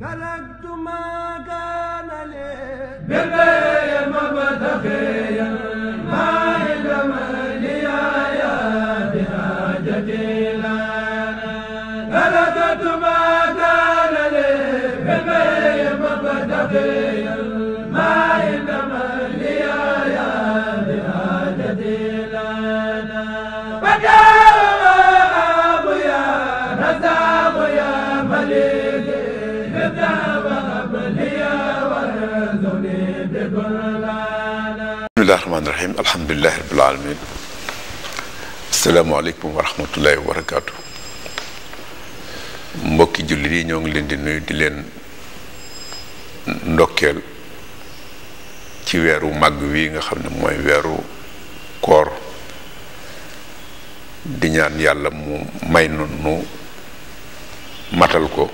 تركت ما كان لي bismillahi rahmaani rahim alhamdulilahi rabbil alamin asalaamaaleykum wa rahmatullahi wa mbokki jullit yi ñoo ngi leen di nuyu di leen ndokkeel ci weeru màgg wi nga xam ne mooy weeru koor di yàlla mu may nu matal ko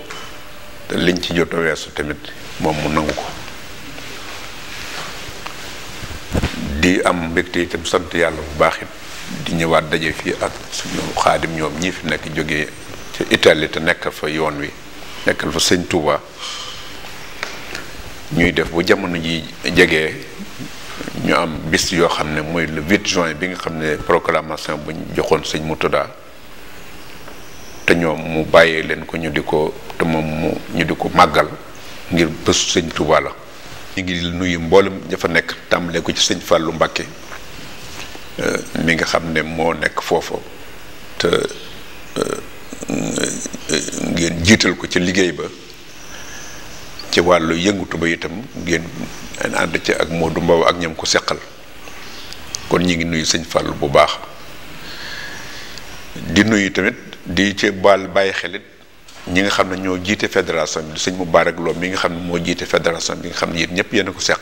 te liñ ci jot a weesu tamit moom mu nangu ko di am mbégte itam sant yàlla bu baaxit di ñëwaat daje fii ak suñu xaadim ñoom ñii fi nekk jóge ci Italie te nekkal fa yoon wi nekkal fa sëñ Touba ñuy def bu jamono ji jege ñu am bis yoo xam ne mooy le 8 juin bi nga xam ne proclamation bu ñu joxoon sëñ Moutada te ñoom mu bàyyee leen ko ñu di ko te moom mu ñu di ko màggal ngir bésu sëñ Touba la. ñu ngi nuyu mboolem ña fa nekk tàmbalee ko ci sëñ Fallou Mbacké euh, mi nga xam ne moo nekk foofa te euh, euh, ngeen jiital ko ci liggéey ba ci wàllu yëngutu ba itam ngeen ànd ci ak Modou Mbow ak ñam ko seqal kon ñi ngi nuyu sëñ Fallou bu baax di nuyu tamit di ci baal bàyyi xelit ñi nga xam ne ñoo jiite fédération bi sëñ Moubarak Lo mi nga xam ne moo jiite fédération bi nga xam ne yéen ñëpp yéen a ko seq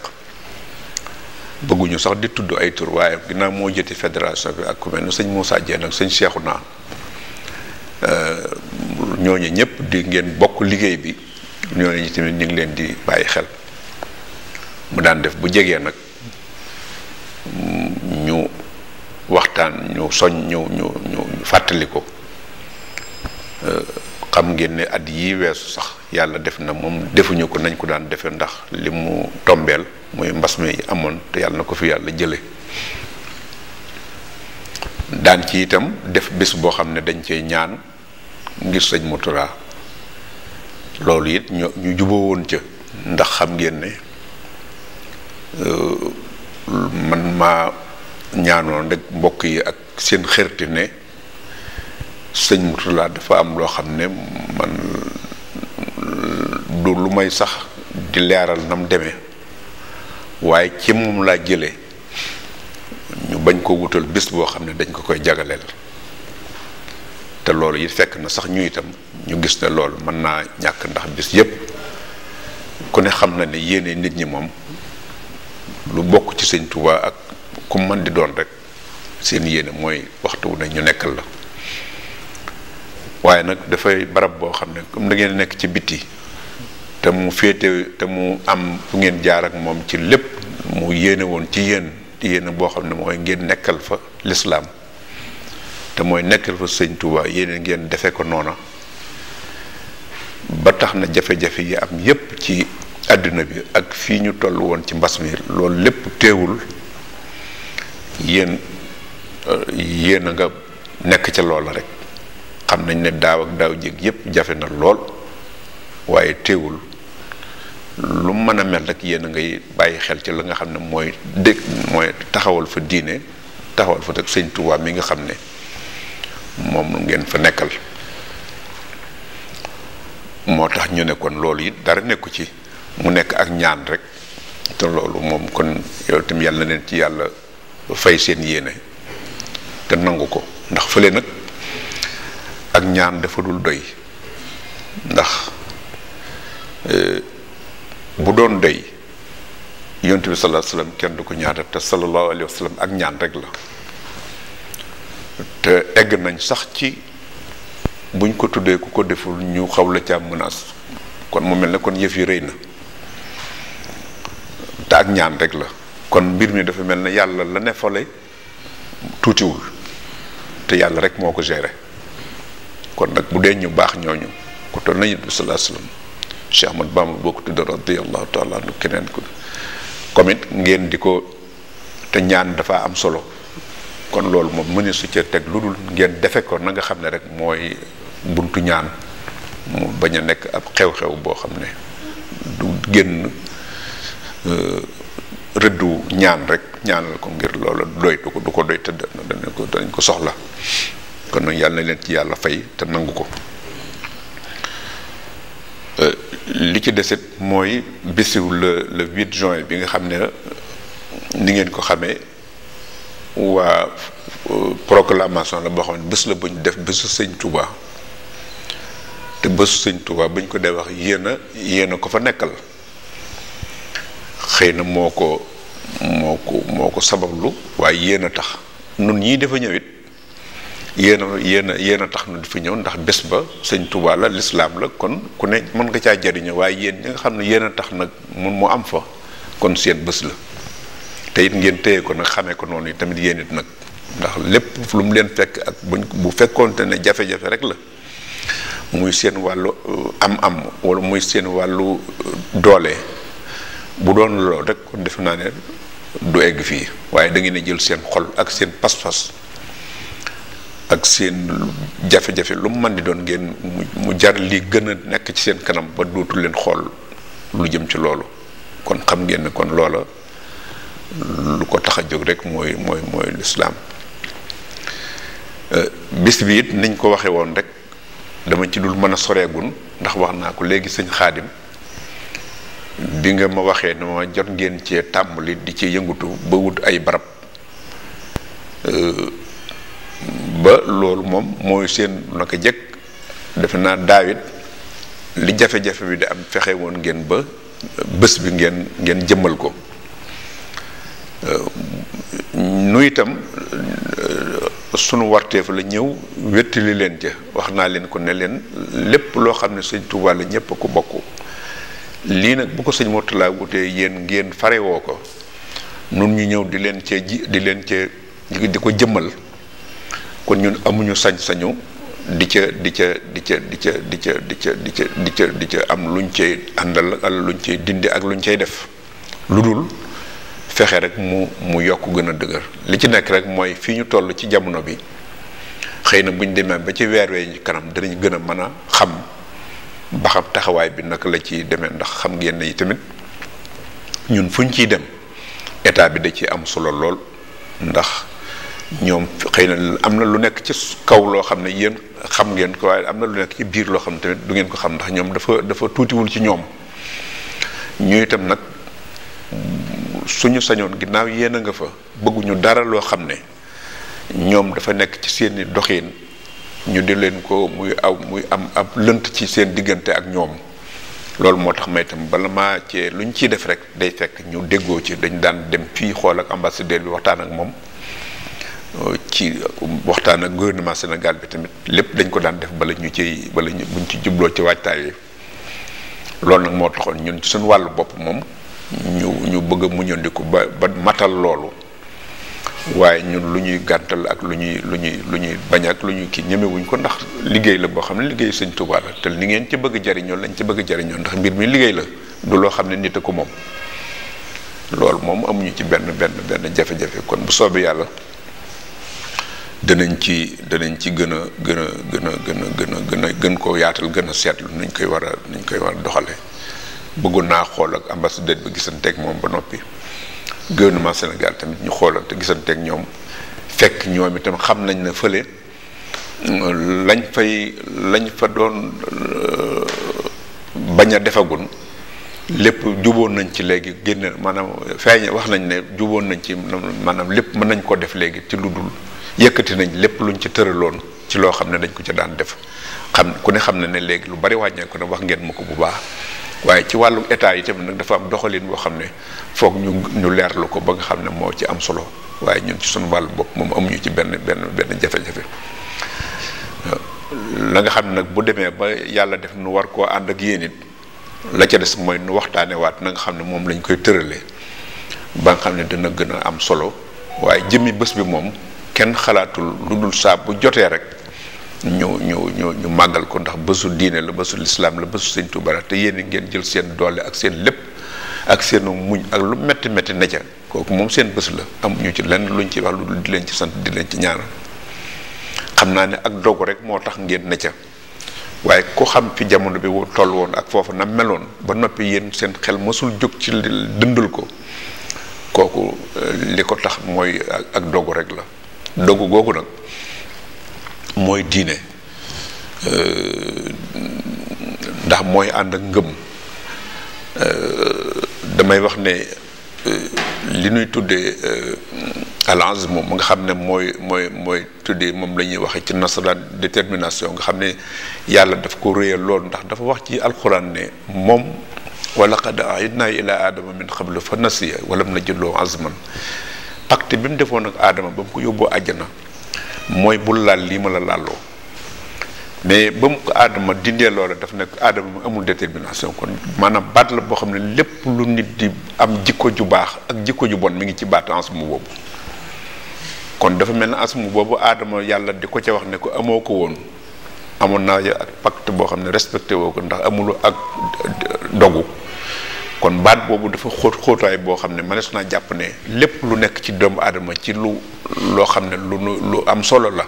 bëgguñu sax di tudd ay tur waaye ginnaaw moo jiite fédération bi ak ku mel ne sëñ Moussa Dieng na sëñ euh, ñooñu ñëpp di ngeen bokk liggéey bi ñooñu tamit ñu ngi leen di bàyyi xel mu daan def bu jegee nag ñu waxtaan ñu soñ ñu ñu ñu fàttali ko. Euh, xam ngeen ne at yii weesu sax yàlla def na moom defuñu ko nañ ko daan defee ndax li mu tombeel muy mbas mi amoon te yàlla na ko fi yàlla jële daan ci itam def bés boo xam ne dañ cey ñaan ngir sëñ Mourtada loolu it ñu ñu juboo woon ca ndax xam ngeen ne euh, man maa ñaanoon rek mbokk yi ak seen xërti ne sëñ Mourtala dafa am loo xam ne man lu may sax di leeral nam demee waaye ci moom laa jëlee ñu bañ ko wutal bis boo xam ne dañ ko koy jagaleel te loolu yi fekk na sax ñu itam ñu gis ne lool mën naa ñàkk ndax bis yépp ku ne xam na ne yéene nit ñi moom lu bokk ci sëñ Tuubaa ak ku mën di doon rek seen yéene mooy waxtu wu ñu nekkal la waaye nag dafay barab boo xam ne comme da ngeen nekk ci biti te mu féete te mu am fu ngeen jaar ak moom ci lépp mu yéene woon ci yéen yéene boo xam ne mooy ngeen nekkal fa lislaam te mooy nekkal fa sëñ Touba yéene ngeen defe ko noona ba tax na jafe-jafe yi am yépp ci àdduna bi ak fii ñu toll woon ci mbas mi loolu lépp téewul yéen yéen a nga nekk ca loola rek xam nañ ne daaw ak daaw jéeg yépp jafe na lool waaye teewul lu mën a mel rek yéen ngay bàyyi xel ci la nga xam ne mooy dégg mooy taxawal fa diine taxawal fa teg sëñ Tuubaa mi nga xam ne moom ngeen fa nekkal moo tax ñu ne kon loolu it dara nekku ci mu nekk ak ñaan rek te loolu moom kon yow tam yàlla na leen ci yàlla fay seen yéene te nangu ko ndax fële nag ak ñaan dafa dul doy ndax e, bu doon doy yonent bi sallallahu kenn du ko ñaanal te sallallahu alayhi ak ñaan rek la te egg nañ sax ci buñ ko tuddee ku ko deful ñu xaw la caa menace kon mu mel ne kon yëf yi rëy na te ak ñaan rek la kon mbir mi dafa mel ne yàlla la ne tuutiwul te yàlla rek moo ko gérer kon nag bu dee ñu baax ñooñu ku toll na yonent bi sallallahu alayhi wasallam Cheikh Ahmad keneen ko comme ngeen di ko te ñaan dafa am solo kon loolu moom mëne su teg lu dul ngeen defe ko na nga xam ne rek mooy buntu ñaan mu bañ a nekk ab xew-xew boo xam ne du génn euh, rëddu ñaan rek ñaanal ko ngir loolu doy du ko du doy te dañ dañ ko soxla kon nag yàlla na leen ci yàlla fay te nangu ko euh, li ci desit mooy bisiw le le 8 juin bi nga xam ne ni ngeen ko xamee waa euh, proclamation la boo ne bés la bu ñu def bésu sëñ Touba te bésu sëñ tubaa bu ko dee wax yéen a yéen ko fa nekkal xëy na moo ko moo ko moo ko sabablu waaye yéen tax nun ñi dafa ñëwit yéen a yéen yéen tax na du fi ñëw ndax bés ba sëñ Touba la lislaam la kon ku ne mën nga caa jariñoo waaye yéen ñi nga xam ne yéen a tax nag mun mu am fa kon seen bës la te ngeen téye ko nag xamee ko noonu yi tamit yéen it nag ndax lépp lu mu leen fekk ak bu bu fekkoonte ne jafe-jafe rek la muy seen wàllu uh, am-am wala muy seen wàllu uh, doole bu doon loolu rek kon defe naa ne du egg fii waaye da ngeen jël seen xol ak seen pas-pas. ak seen jafe-jafe lu mu mën di doon ngeen mu jar li gën a nekk ci seen kanam ba dootul leen xool lu jëm ci loolu kon xam ngeen ne kon loola lu ko tax a jóg rek mooy mooy mooy lislaam euh, bis bi it niñ ko waxee woon rek dama ci dul mën a soreegun ndax wax naa ko léegi sëñ xaadim bi nga ma waxee ne ma jot ngeen cee tàmbali di ci yëngutu ba wut ay barab euh, loolu moom mooy seen naka jëkk defe naa daawit li jafe-jafe bi di am fexe woon ngeen ba bës bi ngeen ngeen jëmmal ko euh, nu itam euh, sunu warteef la ñëw wettali leen ca wax naa leen ko ne leen lépp loo xam ne sëñ Tuubaa ñépp a ko bokk lii nag bu ko sëñ Murtala wutee yéen ngeen farewoo ko nun ñu ñëw di leen cee ji di leen cee di ko jëmmal kon ñun amuñu sañ-sañu di ca di ca di ca di ca di ca di ca di ca di ca di ca am luñ cay àndal ak luñ cay dindi ak luñ cay def lu dul fexe rek mu mu yokk gën a dëgër li ci nekk rek mooy fii ñu toll ci jamono bi xëy na buñ demee ba ci weer wee kanam danañ gën a mën a xam ba taxawaay bi naka la ci demee ndax xam ngeen yi tamit ñun fuñ ciy dem état bi da ci am solo lool ndax ñoom xëy na am na lu nekk ci kaw loo xam ne yéen xam ngeen ko waaye am na lu nekk ci biir loo xam ne tamit du ngeen ko xam ndax ñoom dafa dafa tuutiwul ci ñoom ñu itam nag suñu sañoon ginnaaw yéen a nga fa bëgguñu dara loo xam ne ñoom dafa nekk ci seeni doxiin ñu di leen ko muy aw muy am ab lënt ci seen diggante ak ñoom loolu moo tax may itam bala maa cee lu ñu ciy def rek day fekk ñu déggoo ci dañ daan dem fii xool ak ambassadeur bi waxtaan ak moom ci waxtaan ak gouvernement Sénégal bi tamit lépp dañ ko daan def bala ñu ci bala ñu buñ ci jubloo ci waajtaay loolu nag moo taxoon ñun suñu wàllu bopp moom ñu ñu bëgg a muñandiku ba ba matal loolu waaye ñun lu ñuy gàntal ak lu ñuy lu ñuy lu ñuy bañ ak lu ñu kii ñemewuñ ko ndax liggéey la boo xam ne liggéey suñ Tuubaa te ni ngeen ci bëgg jariñoo lañ ci bëgg jariñoo ndax mbir mi liggéey la du loo xam ne nit a ko moom loolu moom amuñu ci benn benn benn jafe-jafe kon bu soobee yàlla danañ ci danañ ci gën a gën a gën a gën a gën a gën gën koo yaatal gën a seetlu nuñ koy war a nuñ koy war a doxale bëggoon naa xool ak ambassadeur bi gisanteeg moom ba noppi gouvernement Sénégal tamit ñu xoolante gisanteeg ñoom fekk ñoom itam xam nañ ne fële lañ fay lañ fa doon euh, bañ a defagun lépp juboon nañ ci léegi génne maanaam feeñ wax nañ ne juboon nañ ci maanaam lépp mën nañ ko def léegi ci lu dul yëkkati nañ lépp lu luñ ci tëraloon ci loo xam ne dañ ko ci daan def xam ku ne xam ne ne léegi lu bari wàññeeku ne wax ngeen ma ko bu baax waaye ci wàllu état yi tamit nag dafa am doxaliin boo xam ne foog ñu ñu leerlu ko ba nga xam ne moo ci am solo waaye ñun suñu wàllu bopp moom amuñu ci benn benn benn jafe la nga xam ne nag bu demee ba yàlla def nu war koo ànd ak yéen it la ca des mooy nu waxtaanewaat na nga xam ne moom lañ koy tëralee ba nga xam ne dina gën a am solo waaye jëmmi bés bi moom kenn xalaatul lu dul saa bu jotee rek ñu ñu ñu ñu màggal ko ndax bésu diine la bësu lislaam la bésu sëñ Tuuba te yéen ngeen jël seen doole ak seen lépp ak seen muñ ak lu metti métti na ca kooku moom seen bés la amuñu ci lenn luñ ci wax lu dul leen ci sant di leen ci ñaanal xam naa ne ak dogu rek moo tax ngeen ne ca waaye ku xam fi jamono bi toll woon ak foofu na meloon ba noppi yéen seen xel mësul jóg ci dëndul ko kooku eh, li ko tax mooy ak dogu rek la dogu googu nag mooy diine euh, ndax mooy ànd ak ngëm euh, damay wax ne euh, li ñuy tuddee alance moom nga xam ne mooy mooy mooy tuddee moom la ñuy waxee ci nasaraan détermination nga xam ne yàlla daf ko réyal loolu ndax dafa wax ci alxuraan ne moom wa naa ahidnaa ilaa aadama min qablu fa nasiya walam najid lahu azman pacte bi mu defoon ak aadama ba mu ko yóbboo àjjana mooy bul laal lii ma la laaloo mais ba mu ko aadama dindee loola daf nekk aadama mu amul détermination kon maanaam baat la boo xam ne lépp lu nit di am jikko ju baax ak jikko ju bon mi ngi ci baat mu boobu kon dafa mel ne asmu boobu aadama yàlla di ko ca wax ne ko amoo ko woon amoon naa ak pacte boo xam ne respecté woo ko ndax amulu ak dogu kon baat boobu dafa xóot xóotaay boo xam ne su naa jàpp ne lépp lu nekk ci doomu aadama ci lu loo xam ne lu lu am solo la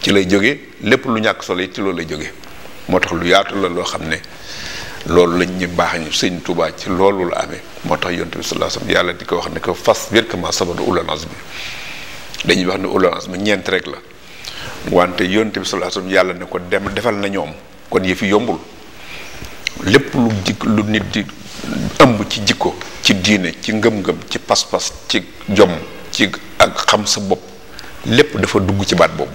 ci lay jóge lépp lu ñàkk solo yi ci loolu lay jóge moo tax lu yaatu la loo xam ne loolu lañ ñu baax sëñ Tuubaa ci loolu la amee moo tax yonent bi sallallahu alayhi wasallam yàlla di ko wax ne ko fas virkament sabadu ulul azmi bi dañuy wax ne ulul azmi ñeent rek la wante yonent bi sallallahu alayhi yàlla ne ko defal na ñoom kon yëfi yombul lépp lu jik lu nit di ëmb ci jikko ci diine ci ngëm-ngëm ci pas-pas ci jom ci ak xam sa bopp lépp dafa dugg ci baat boobu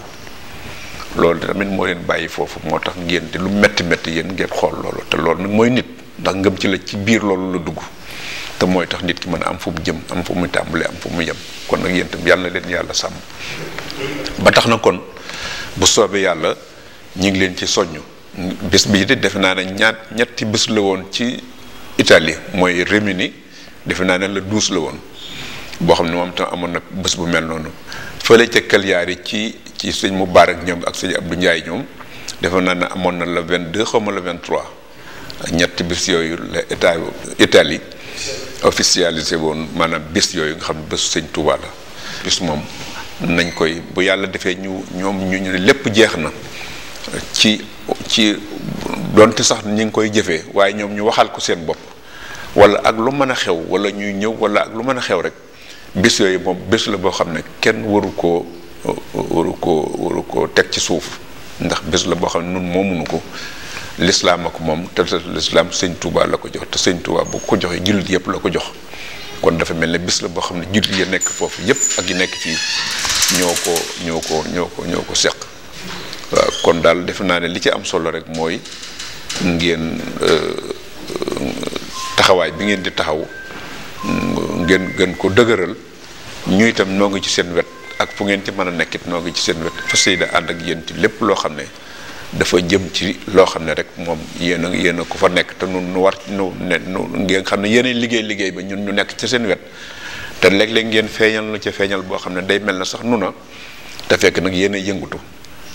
loolu tamit moo leen bàyyi foofu moo tax ngeen te lu metti metti yéen ngeen xool loolu te loolu nag mooy nit ndax ngëm ci la ci biir loolu la dugg te mooy tax nit ki mën a am fu jëm am fu mu tàmbalee am fu mu yem kon nag yéen tam yàlla leen yàlla sàmm ba tax na kon bu soobee yàlla ñu ngi leen ci soññ bés bi defe naa ne ñaat ñetti bés la woon ci Italie mooy Rimini defe naa ne la douze la woon boo xam ne moom tam amoon na bés bu mel noonu fële ca Cagliari ci ci sëñ Moubarak ñoom ak sëñ Abdou Ndiaye ñoom defe naa ne amoon na la vingt deux xaw ma la vingt ñetti bis yooyu la état Italie officialisé maanaam bis yooyu nga xam ne bésu sëñ Touba la moom nañ koy bu yàlla defee ñu ñoom ñu ñu lépp jeex na ci ci donte sax ñu ngi koy jëfee waaye ñoom ñu waxal ko seen bopp wala ak lu mën a xew wala ñuy ñëw wala ak lu mën a xew rek bés yooyu moom bés la boo xam ne kenn waru koo waru ko waru koo teg ci suuf ndax bés la boo xam ne nun moomunu ko lislaam ak moom te lislaam sëñ Touba la ko jox te sëñ Touba bu ko joxee jullit yëpp la ko jox kon dafa mel ne bés la boo xam ne jullit ya nekk foofu yëpp ak yi nekk fii ñoo ko ñoo ko ñoo ko ñoo ko seq waaw kon daal defe naa ne li ci am solo rek mooy ngeen euh, taxawaay bi ngeen di taxaw mm, ngeen gën ko dëgëral ñu itam noo ngi ci seen wet ak fu ngeen ci mën a nekkit noo ngi ci seen wet fas yéene ànd ak yéen ci lépp loo xam ne dafa jëm ci loo xam ne rek moom yéen a yéen a ko fa nekk te nun nu war nu ne nu ngeen xam ne yéenay liggéey liggéey ba ñun ñu nekk ci seen wet te léeg-léeg ngeen feeñal nu ca feeñal boo xam ne day mel na sax nu na te fekk nag yéen a yëngutu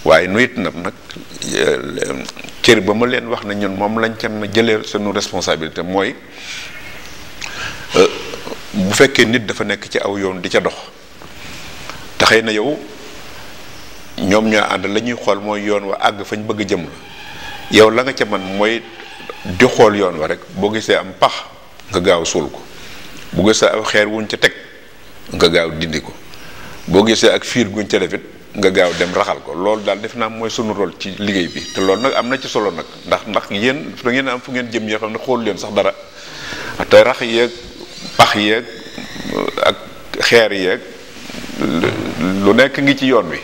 waaye nu it nag nag cër ba ma leen wax ne ñun moom lañ ca na jëlee sunu responsabilité mooy euh, bu fekkee nit dafa nekk ci aw yoon di ca dox te xëy na yow ñoom ñoo ànd lañuy xool mooy yoon wa àgg fañ bëgg jëm la yow la nga ca man mooy di xool yoon wa rek boo gisee am pax nga gaaw suul ko bu gisee aw xeer wuñ ca teg nga gaaw dindi ko boo gisee ak fiir guñ ca defit nga gaaw dem raxal ko lool daal def naa mooy sunu rôle ci liggéey bi te loolu nag am na ci solo nag ndax ndax yéen da ngeen am fu ngeen jëm yoo xam ne xool leen sax dara te rax yeeg pax yeeg ak xeer yeeg lu nekk ngi ci yoon wi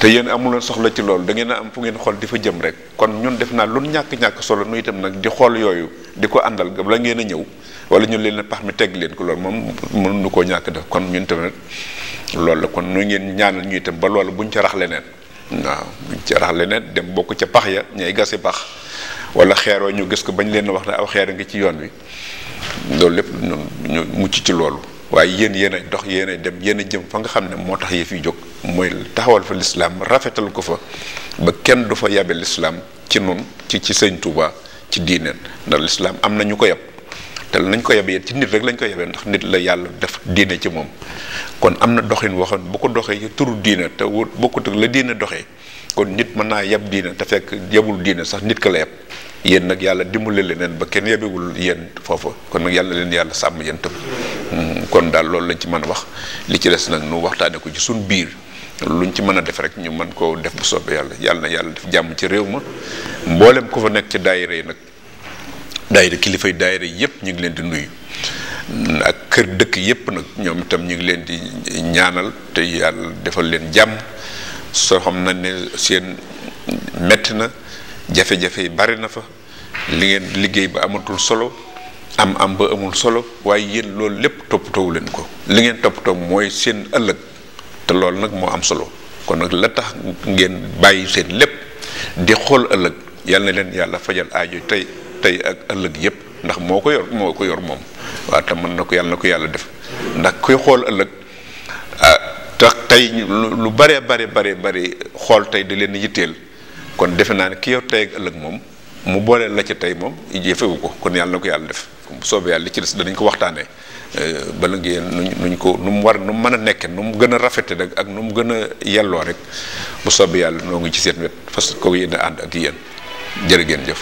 te yéen amuloon soxla ci loolu da ngeen a am fu ngeen xool di fa jëm rek kon ñun def naa lu ñàkk-ñàkk solo nu itam nag di xool yooyu di ko àndal la ngeen ñëw wala ñu leen pax mi tegg leen ko lool moom mënu ko ñàkk def kon ñun tamit loolu la kon nu ngeen ñaanal ñu itam ba loolu buñ ca rax leneen waaw buñ ca rax leneen dem bokk ca pax ya ñay gasi pax wala xeeroo ñu gis ko bañ leen wax ne aw xeer nga ci yoon wi loolu lépp ñu mucc ci loolu waaye yéen yéen dox yéen dem yéen a jëm fa nga xam ne moo tax Islam yi jóg mooy taxawal fa lislaam rafetal ko fa ba kenn du fa yabe lislaam ci nun ci ci sëñ tuuba ci diineen ndax lislaam am na ñu te nañ ko yebee ci nit rek lañ ko yebee ndax nit la yàlla def diine ci moom kon am na doxin waxoon bu ko doxee ci turu diine te wut bokkut ak la diine doxee kon nit mën naa yeb diine te fekk yebul diine sax nit ka la yeb yéen nag yàlla dimbali leneen ba kenn yebewul yéen foofu kon nag yàlla leen yàlla sàmm yéen tam hmm, kon daal loolu lañ ci mën a wax li ci des nag nu waxtaane ko ci suñ biir luñ ci mën a def rek ñu mën koo def bu soobee yàlla yàlla na yàlla def jàmm ci réew ma mboolem ku fa nekk ci daayira yi nag daayira kilifay daayira yépp ñu ngi leen di nuyu ak kër dëkk yépp nag ñoom itam ñu ngi leen di ñaanal te yàlla defal leen jàmm soo xam na ne seen metti na jafe-jafe yi bari na fa li ngeen liggéey ba amatul solo am am ba amul solo waaye yéen loolu lépp toppatoowu leen ko li ngeen toppatoo mooy seen ëllëg te loolu nag moo am solo kon nag la tax ngeen bàyyi seen lépp di xool ëllëg yàlla na leen yàlla fajal aajo tey tey ak ëllëg yépp ndax moo ko yor moo ko yor moom waaw te mën na ko yàlla na ko yàlla def ndax kuy xool ëllëg a ah, tax tey lu bare bare bare bari xool tey da leen yitteel kon defe naa ne ki tey ëllëg moom mu boole la ca tey moom jëfewu ko kon yàlla ko yàlla def bu soobee yàlla li ci des danañ ko waxtaanee eh, bala ngeen nuñ nuñ ko nu mu war nu mu mën a nekke nu mu gën a rafete rek ak nu mu gën a yelloo rek bu soobee yàlla noo ngi ci seen wet parce que ko yéen ànd ak yéen jërë ngeen